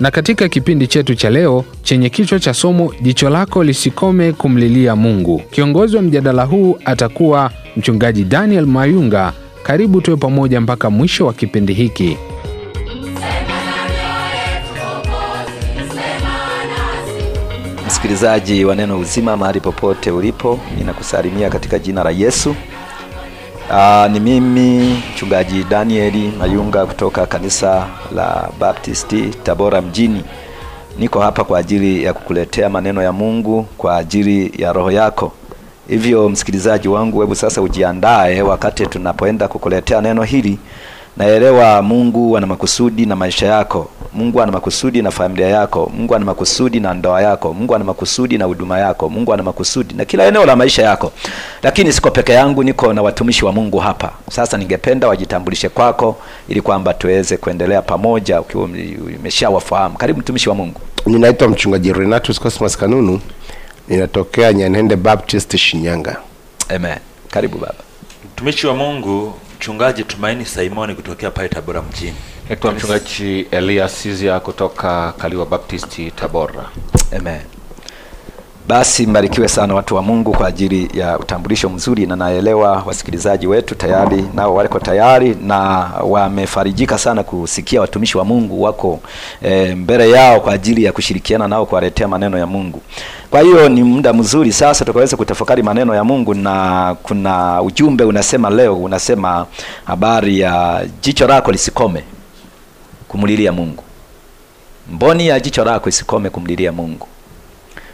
Na katika kipindi chetu cha leo chenye kichwa cha somo jicho lako lisikome kumlilia Mungu, kiongozi wa mjadala huu atakuwa mchungaji Daniel Mayunga. Karibu tuwe pamoja mpaka mwisho wa kipindi hiki. Msikilizaji wa Neno Uzima, mahali popote ulipo, ninakusalimia katika jina la Yesu. Aa, ah, ni mimi mchungaji Danieli Mayunga kutoka kanisa la Baptisti Tabora mjini. Niko hapa kwa ajili ya kukuletea maneno ya Mungu kwa ajili ya roho yako. Hivyo msikilizaji wangu, hebu sasa ujiandae wakati tunapoenda kukuletea neno hili naelewa Mungu ana makusudi na maisha yako. Mungu ana makusudi na familia yako. Mungu ana makusudi na ndoa yako. Mungu ana makusudi na huduma yako. Mungu ana makusudi na kila eneo la maisha yako. Lakini siko peke yangu, niko na watumishi wa Mungu hapa. Sasa ningependa wajitambulishe kwako ili kwamba tuweze kuendelea pamoja ukiwa umeshawafahamu. Karibu mtumishi wa Mungu. Ninaitwa mchungaji Renatus Cosmas Kanunu. Ninatokea Nyanende Baptist Shinyanga. Amen. Karibu baba. Mtumishi wa Mungu Mchungaji Tumaini Simoni kutokea pale Tabora mjini. Naitwa mchungaji Elias Sizia kutoka Kaliwa Baptisti Tabora. Amen. Basi mbarikiwe sana watu wa Mungu kwa ajili ya utambulisho mzuri, na naelewa wasikilizaji wetu tayari nao wako tayari na wamefarijika sana kusikia watumishi wa Mungu wako e, mbele yao kwa ajili ya kushirikiana nao kuwaletea maneno ya Mungu. Kwa hiyo ni muda mzuri sasa tukaweza kutafakari maneno ya Mungu, na kuna ujumbe unasema leo unasema habari ya jicho lako lisikome kumlilia Mungu. Mboni ya jicho lako isikome kumlilia Mungu.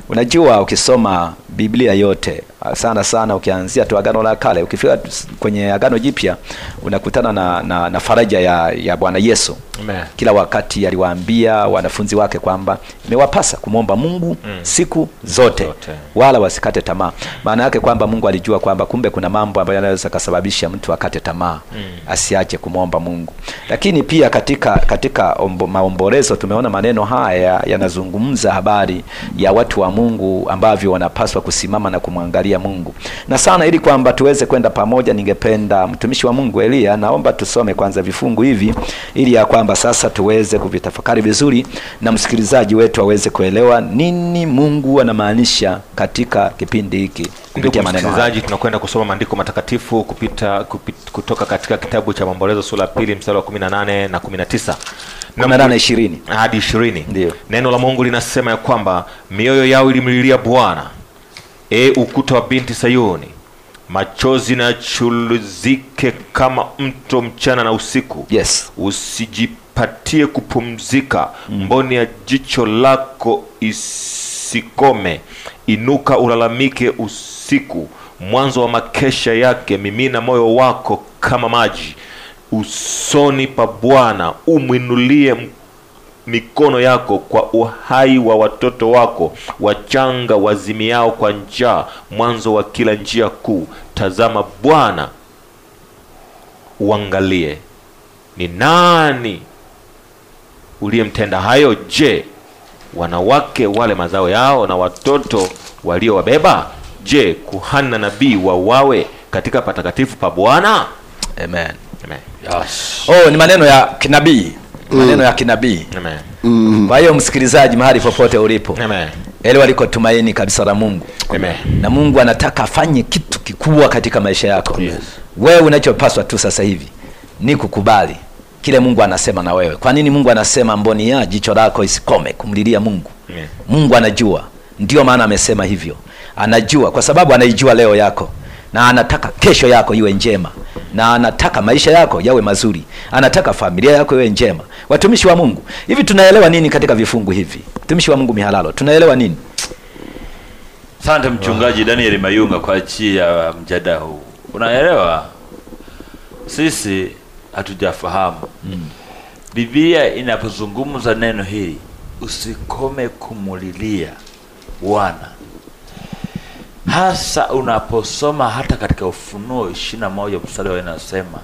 Unajua, ukisoma Biblia yote Ah, sana sana, ukianzia tu Agano la Kale, ukifika kwenye Agano Jipya unakutana na, na, na faraja ya, ya Bwana Yesu. Amen. Kila wakati aliwaambia wanafunzi wake kwamba imewapasa kumwomba Mungu mm. siku zote, zote wala wasikate tamaa. Maana yake kwamba Mungu alijua kwamba kumbe kuna mambo ambayo yanaweza kusababisha mtu akate tamaa mm. asiache kumwomba Mungu. Lakini pia katika katika ombo, maombolezo tumeona maneno haya yanazungumza habari ya watu wa Mungu ambavyo wanapaswa kusimama na kumwangalia habari ya Mungu. Na sana ili kwamba tuweze kwenda pamoja, ningependa mtumishi wa Mungu Elia, naomba tusome kwanza vifungu hivi ili ya kwamba sasa tuweze kuvitafakari vizuri na msikilizaji wetu aweze kuelewa nini Mungu anamaanisha katika kipindi hiki kupitia maneno haya. Tunakwenda kusoma maandiko matakatifu kupita, kupit, kutoka katika kitabu cha Maombolezo sura ya pili mstari wa 18 na 19 hadi 20. Ndio neno la Mungu linasema ya kwamba mioyo yao ilimlilia Bwana E ukuta wa binti Sayuni, machozi na chuluzike kama mto mchana na usiku. Yes. Usijipatie kupumzika, mm. mboni ya jicho lako isikome. Inuka ulalamike usiku, mwanzo wa makesha yake. Mimina moyo wako kama maji usoni pa Bwana, umwinulie mikono yako kwa uhai wa watoto wako wachanga wazimiao kwa njaa, mwanzo wa kila njia kuu. Tazama Bwana, uangalie ni nani uliyemtenda hayo. Je, wanawake wale mazao yao na watoto waliowabeba? Je, kuhani na nabii wawawe katika patakatifu pa Bwana? Amen. Amen. Yes. Oh, ni maneno ya kinabii. Mm. maneno ya kinabii. Mm. Kwa hiyo msikilizaji, mahali popote ulipo, Elewa liko tumaini kabisa la Mungu. Amen. Na Mungu anataka afanye kitu kikubwa katika maisha yako. Yes. Wewe unachopaswa tu sasa hivi ni kukubali kile Mungu anasema na wewe. Kwa nini Mungu anasema mboni ya jicho lako isikome kumlilia Mungu? Mungu anajua. ndio maana amesema hivyo. Anajua kwa sababu anaijua leo yako na anataka kesho yako iwe njema na anataka maisha yako yawe mazuri, anataka familia yako iwe njema. Watumishi wa Mungu, hivi tunaelewa nini katika vifungu hivi? Mtumishi wa Mungu Mihalalo, tunaelewa nini? Asante mchungaji Daniel Mayunga kwa ajili ya mjada huu. Unaelewa, sisi hatujafahamu mm. Biblia inapozungumza neno hili, usikome kumulilia Bwana hasa unaposoma hata katika Ufunuo ishirini na moja mstari wa inasema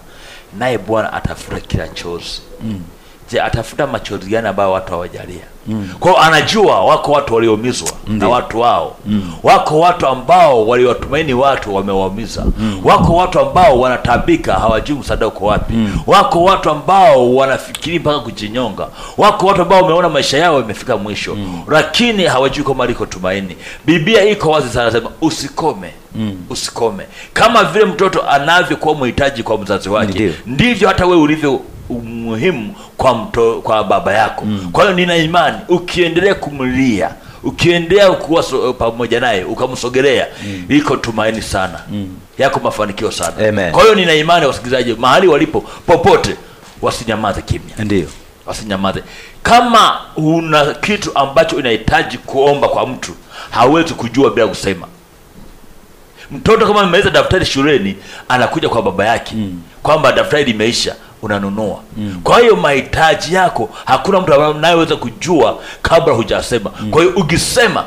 naye Bwana atafura kila chozi mm je, atafuta machozi gani ambayo watu hawajalia? mm. Kwao anajua wako watu walioumizwa na watu wao mm. Wako watu ambao waliwatumaini watu wamewaumiza mm. Wako watu ambao wanatabika hawajui msaada uko wapi mm. Wako watu ambao wanafikiri mpaka kujinyonga. Wako watu ambao wameona maisha yao yamefika mwisho mm. Lakini hawajui kwa liko tumaini. Biblia iko wazi sana, sema usikome Mm. Usikome kama vile mtoto anavyokuwa mhitaji kwa mzazi wake, ndivyo hata wewe ulivyo umuhimu kwa mto, kwa baba yako mm. Kwa hiyo nina imani ukiendelea kumlia, ukiendelea kuwa so, eh, pamoja naye ukamsogelea, mm. iko tumaini sana mm. yako mafanikio sana Amen. Kwa hiyo nina imani wasikilizaji, mahali walipo popote, wasinyamaze kimya, ndio wasinyamaze. Kama una kitu ambacho inahitaji kuomba kwa mtu, hawezi kujua bila kusema Mtoto kama amemaliza daftari shuleni, anakuja kwa baba yake mm. kwamba daftari limeisha, unanunua mm. Kwa hiyo mahitaji yako hakuna mtu anayeweza kujua kabla hujasema mm. Kwa hiyo ukisema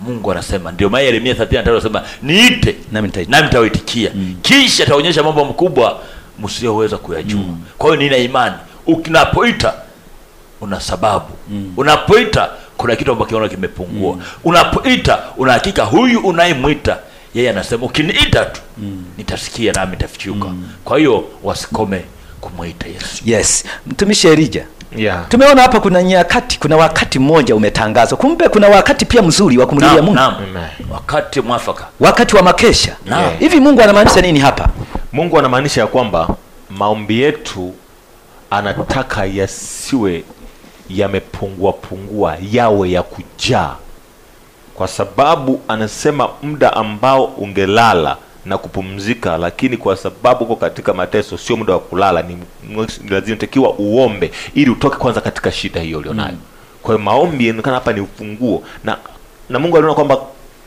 Mungu anasema, ndio maana Yeremia 33 anasema niite nami nitawaitikia mm. Kisha taonyesha mambo makubwa msioweza kuyajua mm. Kwa hiyo nina imani ukinapoita una sababu mm. Unapoita kuna kitu ambacho kiona kimepungua mm. Unapoita una hakika huyu unayemwita yeye anasema ukiniita tu mm. nitasikia nami nitafichuka mm. Kwa hiyo wasikome kumwita Yesu. Yes, mtumishi Elija. Yeah. Tumeona hapa kuna nyakati, kuna wakati mmoja umetangazwa. Kumbe kuna wakati pia mzuri wa kumlilia Mungu. Naam. Wakati mwafaka. Wakati wa makesha. Naam. Hivi Mungu anamaanisha nini hapa? Mungu anamaanisha ya kwamba maombi yetu anataka yasiwe yamepungua pungua, yawe ya kujaa, kwa sababu anasema muda ambao ungelala na kupumzika, lakini kwa sababu uko katika mateso, sio muda wa kulala, ni lazima takiwa uombe ili utoke kwanza katika shida hiyo ulionayo. Mm. Kwa hiyo maombi inaonekana hapa ni ufunguo na na Mungu aliona kwamba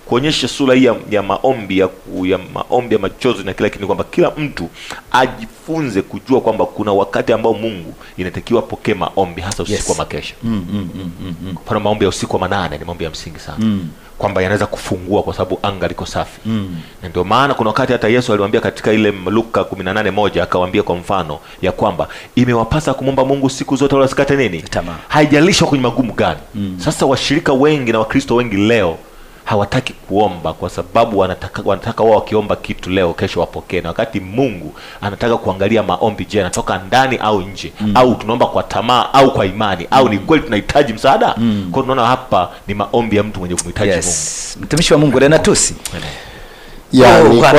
kuonyesha sura hii ya, ya maombi ya, ya maombi ya machozi na kila kitu, kwamba kila mtu ajifunze kujua kwamba kuna wakati ambao Mungu inatakiwa pokee maombi hasa usiku yes. wa makesha mm, mm, mm, mm. Pana mm. maombi ya usiku wa manane ni maombi ya msingi sana mm. kwamba yanaweza kufungua kwa sababu anga liko safi mm. ndio maana kuna wakati hata Yesu aliwaambia katika ile Luka 18 moja akawaambia kwa mfano ya kwamba imewapasa kumwomba Mungu siku zote wala sikate nini, haijalishwa kwenye magumu gani mm. Sasa washirika wengi na Wakristo wengi leo hawataki kuomba kwa sababu wanataka wanataka wao wakiomba kitu leo kesho wapokee, na wakati Mungu anataka kuangalia maombi, je, yanatoka ndani au nje? mm. au tunaomba kwa tamaa au kwa imani? mm. au ni mm. kweli tunahitaji msaada? mm. kwa tunaona hapa ni maombi ya mtu mwenye kumhitaji yes. Mungu. Mtumishi wa Mungu Renatusi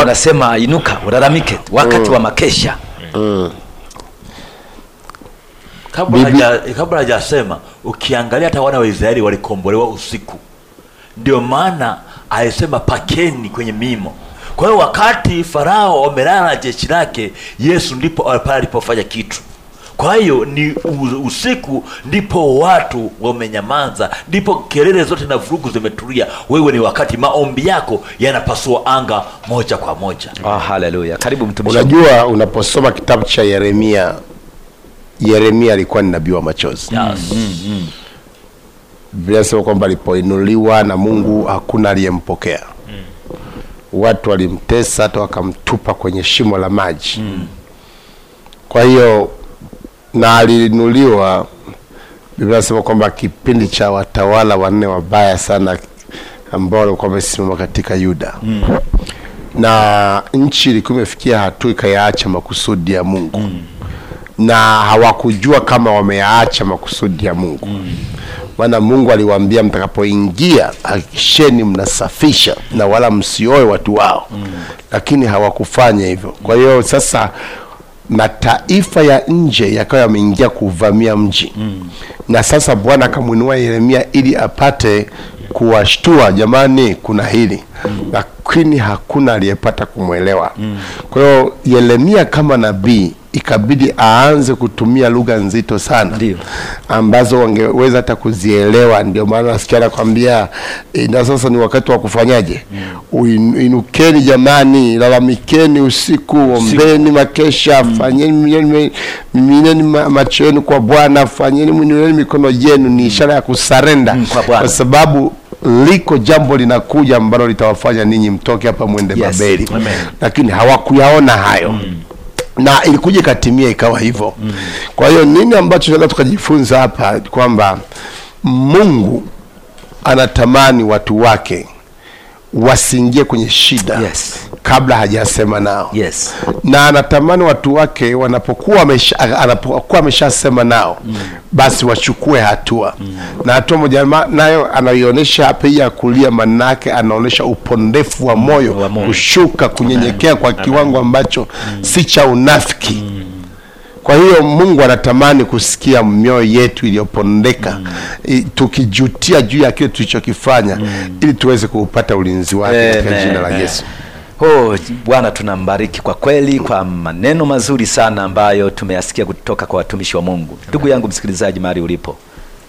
anasema kwa... inuka ulalamike wakati mm. wa makesha mm. mm. kabla hajasema, ukiangalia hata wana wa Israeli walikombolewa usiku ndio maana alisema pakeni kwenye mimo. Kwa hiyo wakati Farao amelala na jeshi lake, Yesu ndipo pale alipofanya kitu. Kwa hiyo ni usiku, ndipo watu wamenyamaza, ndipo kelele zote na vurugu zimetulia. Wewe ni wakati maombi yako yanapasua anga moja kwa moja. Ah, haleluya! Karibu mtumishi. Unajua, unaposoma kitabu cha Yeremia, Yeremia alikuwa ni nabii wa machozi. Yes. Mm, -hmm. Biblia sema kwamba alipoinuliwa na Mungu hakuna aliyempokea mm. Watu walimtesa hata wakamtupa kwenye shimo la maji mm. Kwa hiyo na aliinuliwa, Biblia sema kwamba kipindi cha watawala wanne wabaya sana ambao walikuwa wamesimama katika Yuda mm. na nchi ilikuwa imefikia hatua ikayaacha makusudi ya Mungu mm. na hawakujua kama wameyaacha makusudi ya Mungu mm maana Mungu aliwaambia mtakapoingia hakikisheni mnasafisha na wala msioe watu wao mm. Lakini hawakufanya hivyo. Kwa hiyo sasa mataifa ya nje yakawa yameingia kuvamia mji mm. Na sasa Bwana akamwinua Yeremia ili apate kuwashtua, jamani, kuna hili mm. Lakini hakuna aliyepata kumwelewa mm. Kwa hiyo Yeremia kama nabii ikabidi aanze kutumia lugha nzito sana Dio, ambazo wangeweza hata kuzielewa. Ndio maana nasikia nakwambia e, eh, na sasa ni wakati wa kufanyaje? Mm. Inukeni jamani, lalamikeni usiku, ombeni makesha, mm. fanyeni mimineni macho yenu kwa Bwana, fanyeni mwinueni mikono yenu, ni mm. ishara ya kusarenda mm, kwa, kwa sababu liko jambo linakuja ambalo litawafanya ninyi mtoke hapa mwende yes, Babeli. Lakini hawakuyaona hayo mm na ilikuja ikatimia ikawa hivyo. mm. Kwa hiyo nini ambacho tunaweza tukajifunza hapa kwamba Mungu anatamani watu wake wasiingie kwenye shida. Yes kabla hajasema nao yes. na anatamani watu wake wanapokuwa anapokuwa ameshasema nao mm. basi wachukue hatua mm. na hatua moja nayo anaionyesha hapa hii ya kulia, manake anaonesha upondefu wa moyo, kushuka kunyenyekea kwa kiwango ambacho mm. si cha unafiki mm. Kwa hiyo Mungu anatamani kusikia mioyo yetu iliyopondeka mm. tukijutia juu ya kile tulichokifanya mm. ili tuweze kuupata ulinzi wake katika jina la Yesu. Oh, Bwana tunambariki kwa kweli kwa maneno mazuri sana ambayo tumeyasikia kutoka kwa watumishi wa Mungu. Ndugu yangu msikilizaji, mahali ulipo,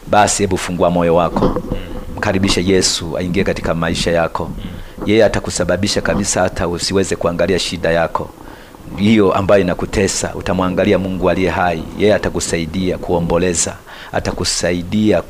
basi hebu fungua moyo wako, mkaribishe Yesu aingie katika maisha yako. Yeye atakusababisha kabisa hata usiweze kuangalia shida yako hiyo ambayo inakutesa. Utamwangalia Mungu aliye hai, yeye atakusaidia kuomboleza, atakusaidia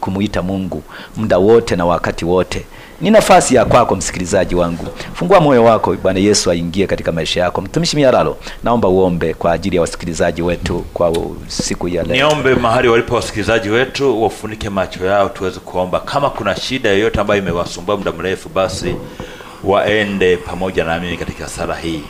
kumwita Mungu muda wote na wakati wote. Ni nafasi ya kwako msikilizaji wangu, fungua moyo wako, Bwana Yesu aingie katika maisha yako. Mtumishi Mialalo, naomba uombe kwa ajili ya wasikilizaji wetu kwa siku ya leo. Niombe mahali walipo wasikilizaji wetu, wafunike macho yao, tuweze kuomba. Kama kuna shida yoyote ambayo imewasumbua muda mrefu, basi waende pamoja na mimi katika sala hii.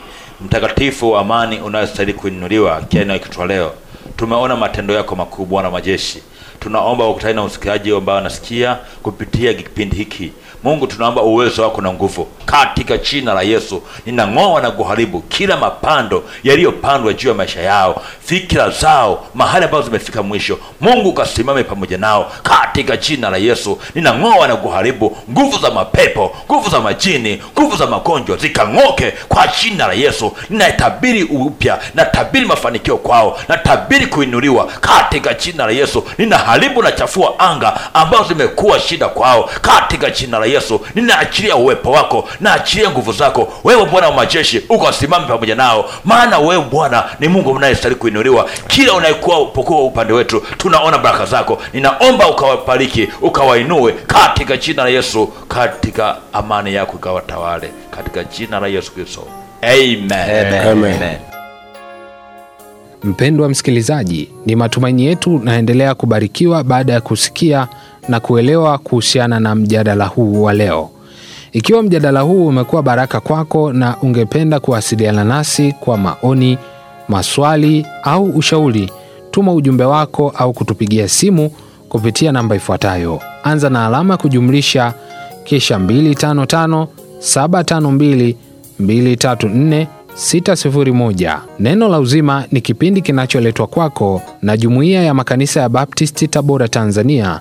Mtakatifu wa amani, unayostahili kuinuliwa kitwa leo, tumeona matendo yako makubwa na majeshi, tunaomba ukutane na usikilizaji ambao anasikia kupitia kipindi hiki Mungu tunaomba uwezo wako na nguvu katika jina la Yesu. Ninang'oa na kuharibu kila mapando yaliyopandwa juu ya maisha yao, fikira zao, mahali ambazo zimefika mwisho. Mungu ukasimame pamoja nao katika jina la Yesu. Ninang'oa na kuharibu nguvu za mapepo, nguvu za majini, nguvu za magonjwa zikang'oke kwa jina la Yesu. Ninatabiri upya, natabiri mafanikio kwao, natabiri kuinuliwa katika jina la Yesu. Ninaharibu na chafua anga ambazo zimekuwa shida kwao katika jina la Yesu, ninaachilia uwepo wako, naachilia nguvu zako. Wewe Bwana wa majeshi, ukawasimame pamoja nao, maana wewe Bwana ni Mungu mnayestahili kuinuliwa, kila unayekuwa pokuwa upande wetu tunaona baraka zako. Ninaomba ukawabariki, ukawainue katika jina la Yesu, katika amani yako ikawatawale, katika jina la Yesu Kristo, amen. Amen. Amen. Amen. Mpendwa msikilizaji, ni matumaini yetu naendelea kubarikiwa baada ya kusikia na kuelewa kuhusiana na mjadala huu wa leo. Ikiwa mjadala huu umekuwa baraka kwako na ungependa kuwasiliana nasi kwa maoni, maswali au ushauri, tuma ujumbe wako au kutupigia simu kupitia namba ifuatayo: anza na alama kujumlisha kisha 255 Neno la Uzima ni kipindi kinacholetwa kwako na Jumuiya ya Makanisa ya Baptisti Tabora, Tanzania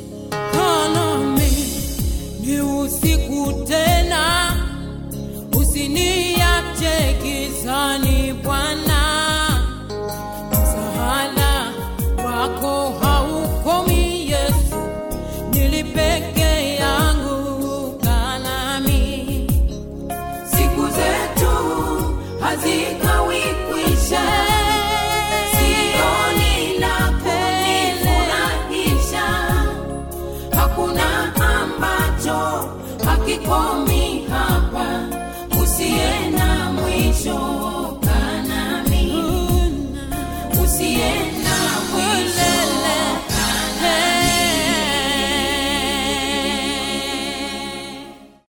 see.